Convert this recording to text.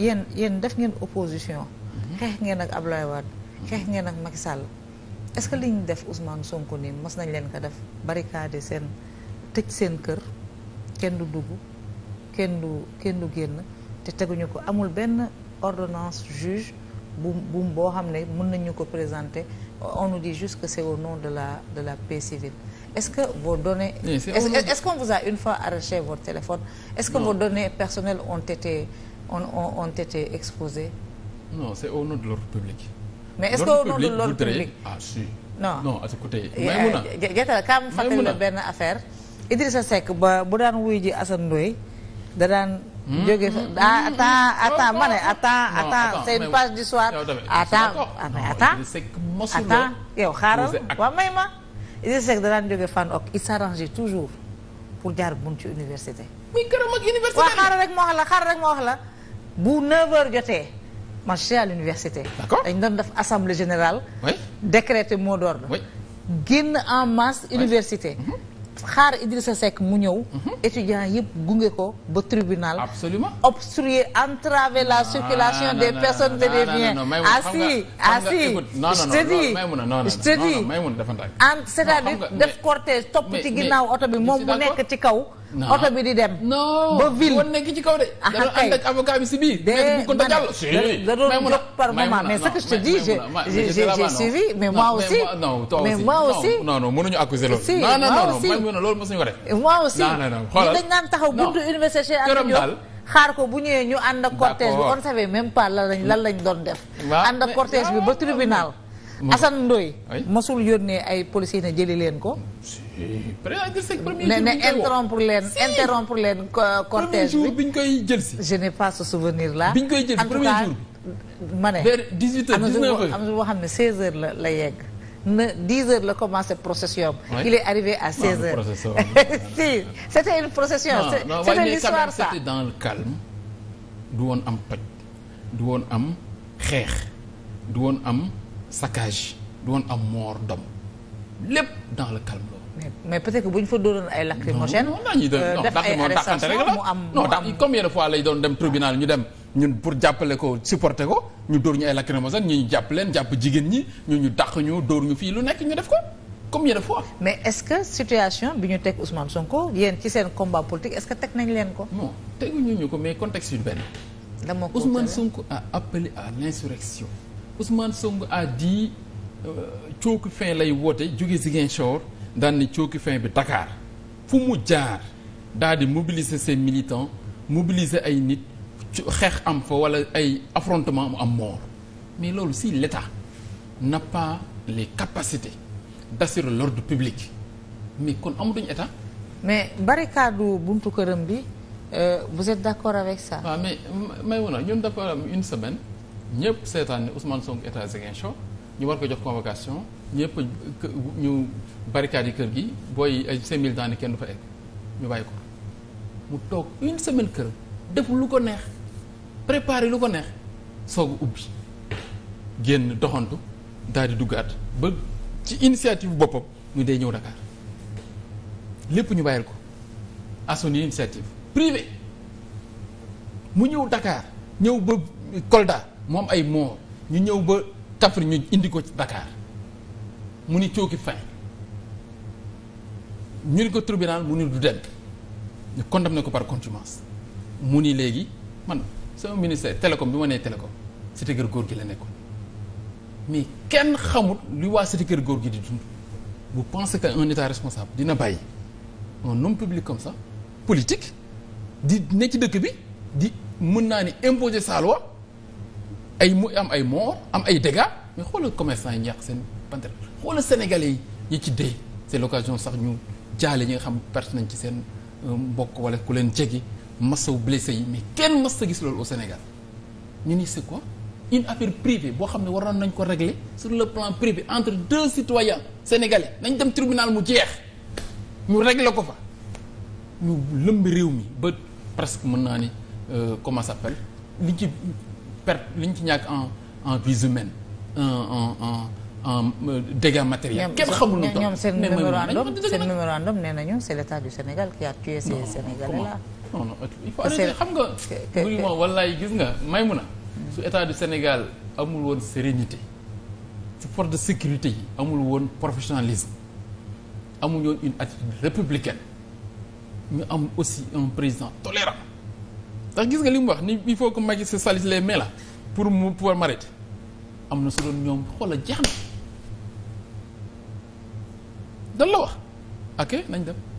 yéen yéen def ngeen opposition. Mhm. xeex ngeen ak Abdoulaye Wade. xeex ngeen ak Macky Sall. est-ce que li ñu def Ousmane Sonko nii mos nañ leen ko def barricade seen tëj seen kër kenn du dugg kenn du kenn du génn te teguñu ko amul benn ordonnance juge bu bu boo xam ne mën nañu ko présenter on nous dit juste que c'est au nom de la de la paix civile données oui, vous fois arraché votre téléphone est-ce que non. vos données personnelles ont on on ont été exposés. non c'est au mais est-ce que au nom de public ah si. Eh, eh, kaam fàttali la benn affaire. Idrissa Seck ba bu daan wuy ji Assane Ndoye da daan. Hmm? jóge fa hmm? ah attends hmm? ma ne attends attends c'est une page d'histoire. attends attends attends yow ah, xaaral waaw may ma. Idrissa Seck da daan jóge fan ok il s'arrange toujours pour jaar bunt ci université. muy xaaral rek ma wax la xaaral rek ma wax la. bu 9h jotee man je suis à l'université dañ doon def assemblée générale oui. mot d'ordre génn en masse université mhm. xaar Idrissa Seck mu ñëw mhm. étudiants yëpp gunge ko ba tribunal absolument obstruer entraver la circulation des personnes et des biens assis ah, ah, assis je te dis c'est-à-dire def cortège topp ci ginnaaw oto bi moom mu nekk ci kaw oto bi di dem. ba ville non ci kaw de. ah kay dafa ànd ak avocat bi si biir. mais bu jàll. da doon jóg par moment mais ce que je te dis j'ai j'ai mais moi aussi. mais moi aussi non non mënuñu accuser loolu. si moi ko def. moi aussi dañ naan taxaw buntu université Cheikh Anta Diop xaar ko bu ñëwee ñu ànd ak cortège bi on savait même pas lan lañ lan lañ doon def. ànd ak cortège bi ba tribunal Assane Ndoye masul yónnee ay policiers ne jëli leen ko. ne ne interrompre leen interrompre leen cortège bi bi ñu koy jël si. je n'ai pas ce souvenir là. bi ñu koy jël si premier ma ne. vers 18h 19 am na boo xam ne 16h la la yegg. na 10 heures la commencé procession oui. il est arrivé a 16 non, heures si c'était une procession c'était l'histoire ça c'était du woon am toj am saccage du woon am mort d'homme lépp dans le calme mais, mais peut-être que bu ñu fa doon ay lacrymogène. non non ñuy doon non euh, dàqante rek la non combien fois lay doon dem tribunal ñu dem ñu pour jàppale ko supporter ko ñu dóor ñu ay lacrymogène ñu ñu jàpp leen jàpp jigéen ñi ñu ñu dàq ñu dóor ñu fii lu nekk ñu def ko combien de fois. mais est-ce que situation bi ñu teg Ousmane Sonko yéen ci seen combat politique est-ce que teg nañ leen ko. non teguñu ñu ko mais contexte yu benn. dama ko Ousmane Sonko a appelé à l'insurrection Ousmane Sonko a dit euh, cooki fin lay woote jóge Ziguinchor daan ni cooki fin bi Dakar fu mu jaar daal di mobiliser seen militants mobiliser ay nit xeex am fa wala ay affrontement mu am mort mais loolu si l'État n'a pas capacité capacités d'assurer l'ordre public mais kon duñ État. mais barricade buntu këram bi euh, vous êtes d'accord avec ça. waaw ah, mais may woon ñun dafa am une semaine. ñëpp seetaan ne Ousmane Sonko état Ziguinchor ñu war ko jox convocation ñëpp ñu barricade yi kër gi booy ay cinq mille ni kenn du fa egg ñu bàyyi ko mu toog une semaine kër def lu ko neex préparer lu ko neex soog ubbi génn doxantu daldi di duggaat ba ci initiative boppam ñu day ñëw Dakar lépp ñu bàyyil ko à son initiative privée mu ñëw Dakar ñëw ba Kolda moom ay moo ñu ñëw ba Kaffrine ñu indi ko ci Dakar mu ni cooki fin ñu ni ko tribunal mu ni du dem ñu condamné ko par contumace mu ni léegi man sama ministère télécom bi ma nee télécom Cité Keur Gorgui la nekkoon mais kenn xamut lu waa Cité Keur Gorgui di dund bu pensez que un état responsable dina bàyyi un homme public comme ça politique di ne ci dëkk bi di mën naa ni imposer sa ay moo am ay mort am ay dégâts mais xoolal commerçant yi ñàkk seen pantal xoolal sénégalais yi ci dee c'est l'occasion sax ñu jaale ñi nga xam perte nañ ci seen euh, mbokk wala ku leen jegi wu blessé yi mais kenn mas sa gis loolu au Sénégal ñu ni c'est ko une affaire privée boo xam ne waroon nañ ko régler sur le plan privé entre deux citoyens sénégalais nañ dem tribunal mu jeex ñu régler ko fa ñu lëmb réew mi ba presque mën naa ni euh, comment ça li ci per li ñu ci ñàkk en en vies humaines en en en euh, dégâts matériels. kenn xamul lu tax ñoom seen mémorandum seen mémorandum c'est l'État du Sénégal qui a tué ces Sénégalais là. non non il faut arrêter xam nga. muy moom wallaay gis nga Maymuna. Hmm. su État du Sénégal amul woon sérénité su force de sécurité yi amul woon professionnalisme amul woon une attitude républicaine ñu am aussi un président tolérant. ndax gis nga li mu wax ni il foo ko Macky sa salisse les mains pour mu pouvoir m'arrêter am na su doon ñoom xoola jeex na dan la wax ok nañ dem